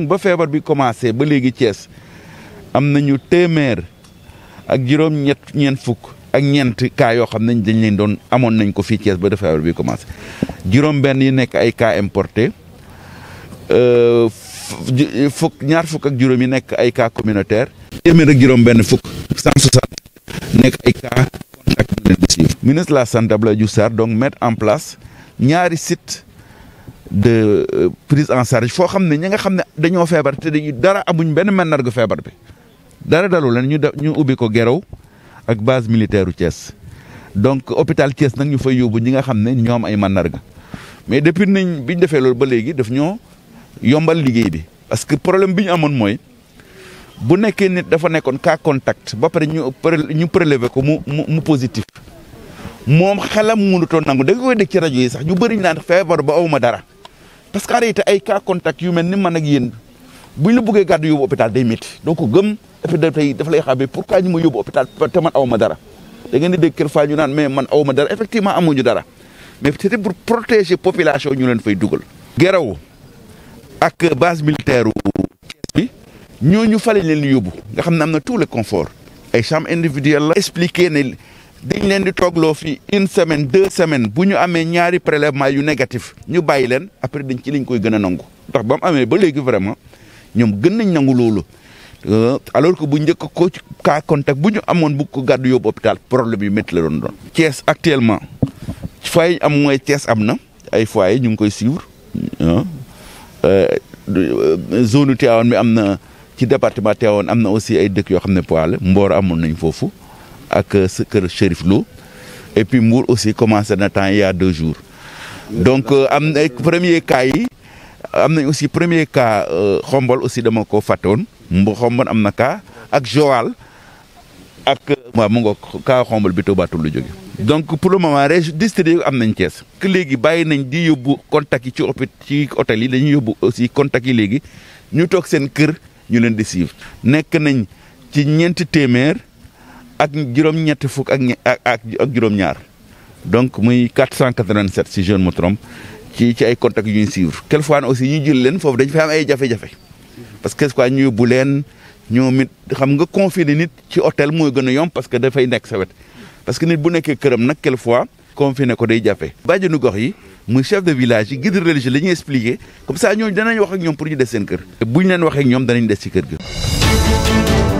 ba feebar bi commencé ba léegi Thiès am nañu téeméer ak juróom ñett ñeent fukk ak ñeent cas yoo xam ne dañ leen doon amoon nañ ko fii Thiès ba feebar bi commencé juróom benn yi nekk ay cas importé euh, fukk ñaar fukk ak juróom yi nekk ay cas communautaire téeméer ak juróom benn fukk cent soixante nekk ay cas contact leen di ministre de la Santé dong, Diouf Sarr donc mettre en place ñaari site de euh, prise en charge fo xamné ñi nga xamné dañoo fièvre té dañu dara amuñ benn màndarga fièvre bi dara dalu leen ñu ñu ubbi ko ak base militaire u Thiès donc hôpital Thiès nak ñu fay yobu ñi nga xamné ne ñoom ay màndarga mais depuis niñ biñ défé lool ba légui daf ñoo yombal liggéey bi parce que problème biñ amone moy bu nekké nit dafa nekkon cas contact ba paré ñu ñu prélever ko mu mu positif moom xelam mënutoo nangu da nga koy dégg ci rajo yi sax ñu bëri ñu naan feebar ba awma dara parce que en réalité ay cas contact yu mel ni man ak yéen buñ la bëggee gàddu yóbbu hôpital day métti doo ko gëm et puis lay xaabee pourquoi ma yóbbu hôpital te man awma dara da ngeen di dégg kër fa ñu naan mais man awma dara effectivement amuñu dara mais c'était pour protéger population ñu leen fay dugal geraw ak base militaire bi ñu fale leen yobbu nga xam ne am na tout le confort ay chambre individuelle la expliqué ne dañ leen di toogloo fii une semaine deux semaine bu ñu amee ñaari prélèvement yu négatif ñu bàyyi leen après dañ ci liñ koy gën a nangu ndax ba mu amee ba léegi vraiment ñoom gën nañ nangu loolu euh, alors que bu njëkk ko ci cas contact bu ñu amoon bugg ko gàddu yóbbu hôpital problème yu métti la doon doon. Thiès actuellement foyer yi am mooy Thiès am na ay foyer ñu ngi koy suivre euh, euh, zone Tivaouane bi am na ci département Tivaouane am na aussi ay dëkk yoo xam ne poids la amoon nañ foofu. ak kër Chérif lu et puis Mbour aussi commencé na temps il y deux jours donc euh, am na premier cas yi am nañ aussi premier cas euh, xombol aussi dama ko fàttewoon mbu xombol am na ka ak Joal ak euh, waaw mu ngook ka xombol bi Toubatoul lu jóge donc pour le moment région district yi am nañ Thiès que léegi bàyyi nañ di yóbbu contact yi ci opi ci hôtel yi dañuy yóbbu aussi contact yi léegi ñu toog seen kër ñu leen di suivre nekk nañ ci ñeenti téeméer ak juróom-ñetti fukk ak ak ak juróom-ñaar donc muy 487 si je ne me trompe ci ci ay contacts yu ñuy suivre fois aussi ñu jël leen foofu dañ fay am ay jafe-jafe parce que quoi ñu bu leen ñoomit xam nga confiner nit ci hôtel mooy gën a yomb parce que dafay nekk sa wet parce que nit bu nekkee këram nag fois confiner ko day jafe. bàjjenu gox yi muy chef de village yi guide religieux la ñuy expliquer comme ça ñooñu danañ wax ak ñoom pour ñu des seen kër. bu ñu leen waxee ak ñoom danañ des ci kër gi.